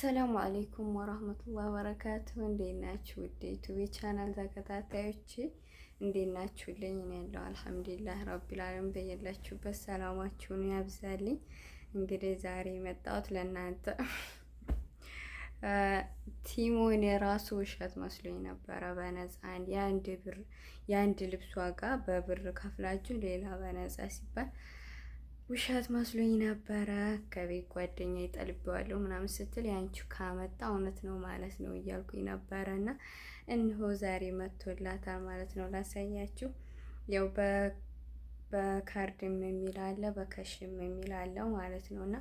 አሰላሙ አሌይኩም ወራህመቱላህ በረካቱሁ። እንዴት ናችሁ? ውድ ዩቱብ ቻናል ተከታታዮች እንዴት ናችሁልኝ? እኔ ያለው አልሐምዱሊላህ ረቢል ዓለሚን። በየላችሁበት ሰላማችሁን ያብዛልኝ። እንግዲህ ዛሬ የመጣሁት ለእናንተ ቲሞን የራሱ ውሸት መስሎኝ ነበረ። በነፃ የአንድ ብር የአንድ ልብስ ዋጋ በብር ከፍላችሁ ሌላ በነፃ ሲባል ውሸት መስሎኝ ነበረ ከቤት ጓደኛ ይጠልቤዋለሁ ምናምን ስትል ያንቺ ካመጣ እውነት ነው ማለት ነው እያልኩኝ ነበረ እና እንሆ ዛሬ መጥቶላታል ማለት ነው። ላሳያችሁ ያው በካርድም የሚል አለ በከሽም የሚል አለው ማለት ነው እና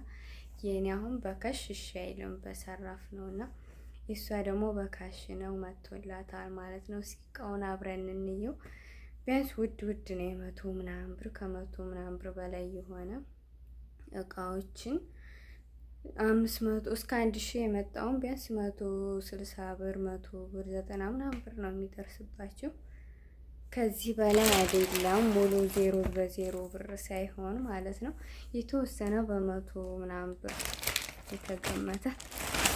የኔ አሁን በከሽ እሺ አይልም በሰራፍ ነው እና የእሷ ደግሞ በካሽ ነው መጥቶላታል ማለት ነው። እስኪ አብረን እንየው። ቢያንስ ውድ ውድ ነው የመቶ ምናምን ብር ከመቶ ምናምን ብር በላይ የሆነ እቃዎችን አምስት መቶ እስከ አንድ ሺህ የመጣውን ቢያንስ መቶ ስልሳ ብር መቶ ብር ዘጠና ምናምን ብር ነው የሚደርስባቸው። ከዚህ በላይ አይደለም። ሙሉ ዜሮ በዜሮ ብር ሳይሆን ማለት ነው የተወሰነ በመቶ ምናምን ብር የተገመተ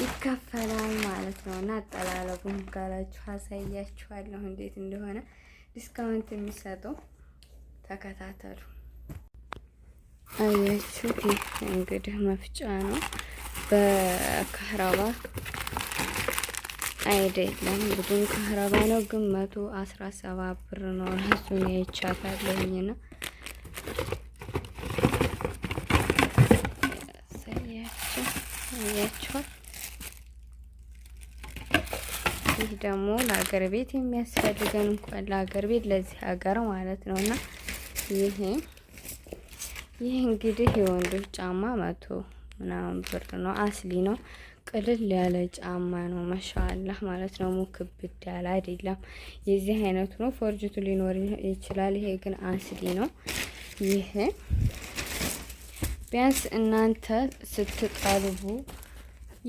ይከፈላል ማለት ነው። እና አጠላለቡም ጋራችሁ አሳያችኋለሁ እንዴት እንደሆነ ዲስካውንት የሚሰጡ ተከታተሉ። አያችሁ እንግዲህ መፍጫ ነው፣ በካህራባ አይደለም። ብዙም ካህራባ ነው፣ ግን መቶ አስራ ሰባት ብር ነው ራሱን የቻታለኝና ደግሞ ለሀገር ቤት የሚያስፈልገን እንኳን ለሀገር ቤት ለዚህ ሀገር ማለት ነው እና ይሄ ይህ እንግዲህ የወንዶች ጫማ መቶ ምናምን ብር ነው። አስሊ ነው። ቅልል ያለ ጫማ ነው። ማሻአላህ ማለት ነው። ሙክብድ ያለ አይደለም። የዚህ አይነቱ ነው። ፎርጅቱ ሊኖር ይችላል። ይሄ ግን አስሊ ነው። ይሄ ቢያንስ እናንተ ስትጠልቡ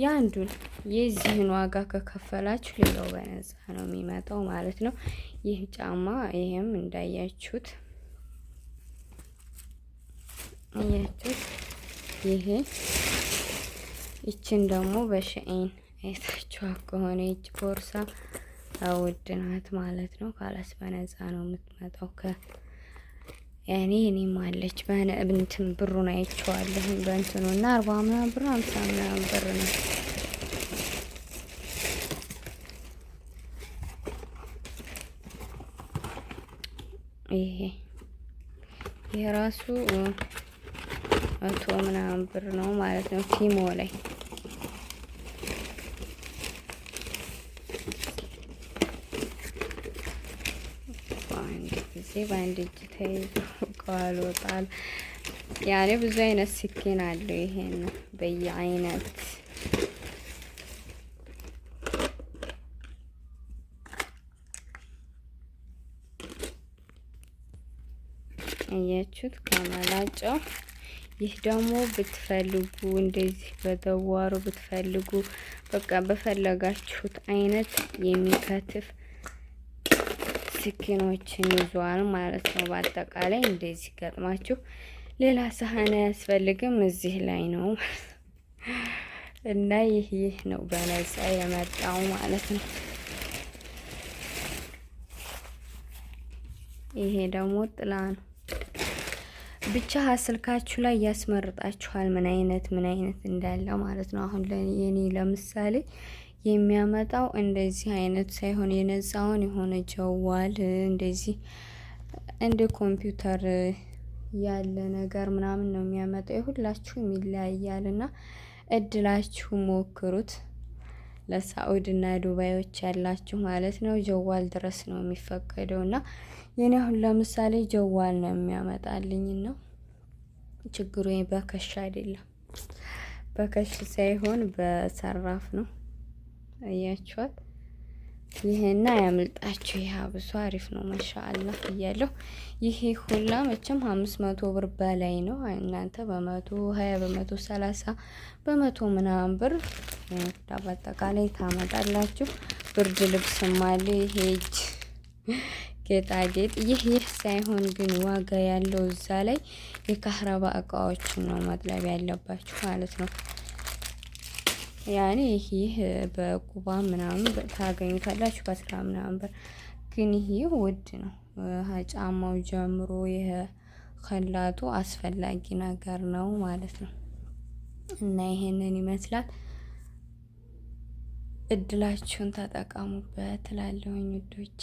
ያንዱን የዚህን ዋጋ ከከፈላችሁ ሌላው በነፃ ነው የሚመጣው ማለት ነው። ይህ ጫማ ይህም እንዳያችሁት እያችሁት ይሄ ይችን ደግሞ በሸኤን አይታችኋት ከሆነ ይች ቦርሳ ውድ ናት ማለት ነው። ካላስ በነፃ ነው የምትመጣው ከ ያኔ እኔ ማለች በእንትን ብሩን አይቼዋለሁ በእንትኑ እና አርባ ምናምን ብር አምሳ ምናምን ብር ነው። ይሄ ይሄ ራሱ መቶ ምናምን ብር ነው ማለት ነው ቲሞ ላይ በአንድ እጅ ተይዞ ቃል ወጣል። ያኔ ብዙ አይነት ስኪን አለው። ይሄን በየአይነት እያችሁት ከመላጨው ይህ ደግሞ ብትፈልጉ እንደዚህ በደዋሩ ብትፈልጉ በቃ በፈለጋችሁት አይነት የሚከትፍ ስኪኖችን ይዟል ማለት ነው። በአጠቃላይ እንደዚህ ገጥማችሁ ሌላ ሳህን አያስፈልግም እዚህ ላይ ነው እና ይህ ይህ ነው በነጻ የመጣው ማለት ነው። ይሄ ደግሞ ጥላ ነው። ብቻ ስልካችሁ ላይ ያስመርጣችኋል ምን አይነት ምን አይነት እንዳለ ማለት ነው። አሁን ለኔ ለምሳሌ የሚያመጣው እንደዚህ አይነት ሳይሆን የነፃውን የሆነ ጀዋል እንደዚህ እንደ ኮምፒውተር ያለ ነገር ምናምን ነው የሚያመጣው። የሁላችሁም ይለያያል እና እድላችሁ ሞክሩት። ለሳዑድ እና ዱባዮች ያላችሁ ማለት ነው ጀዋል ድረስ ነው የሚፈቀደው። እና የኔ አሁን ለምሳሌ ጀዋል ነው የሚያመጣልኝ ነው ችግሩ በከሽ አይደለም፣ በከሽ ሳይሆን በሰራፍ ነው። እያችኋት ይሄና ያምልጣችሁ። ይህ አብሶ አሪፍ ነው። ማሻአላህ እያለሁ ይሄ ሁላ መቼም አምስት መቶ ብር በላይ ነው። እናንተ በመቶ ሀያ በመቶ ሰላሳ በመቶ ምናምን ብር በአጠቃላይ ታመጣላችሁ። ብርድ ልብስ አለ። ይሄ ጌጣጌጥ ይህ ይህ ሳይሆን ግን ዋጋ ያለው እዛ ላይ የካህረባ እቃዎችን ነው መጥለብ ያለባችሁ ማለት ነው። ያኔ ይህ በቁባ ምናምን ታገኙ ካላችሁ በአስራ ምናምን ብር ግን ይህ ውድ ነው። ጫማው ጀምሮ ይህ ከላጡ አስፈላጊ ነገር ነው ማለት ነው። እና ይሄንን ይመስላል። እድላችሁን ተጠቀሙበት እላለሁኝ ውዶች።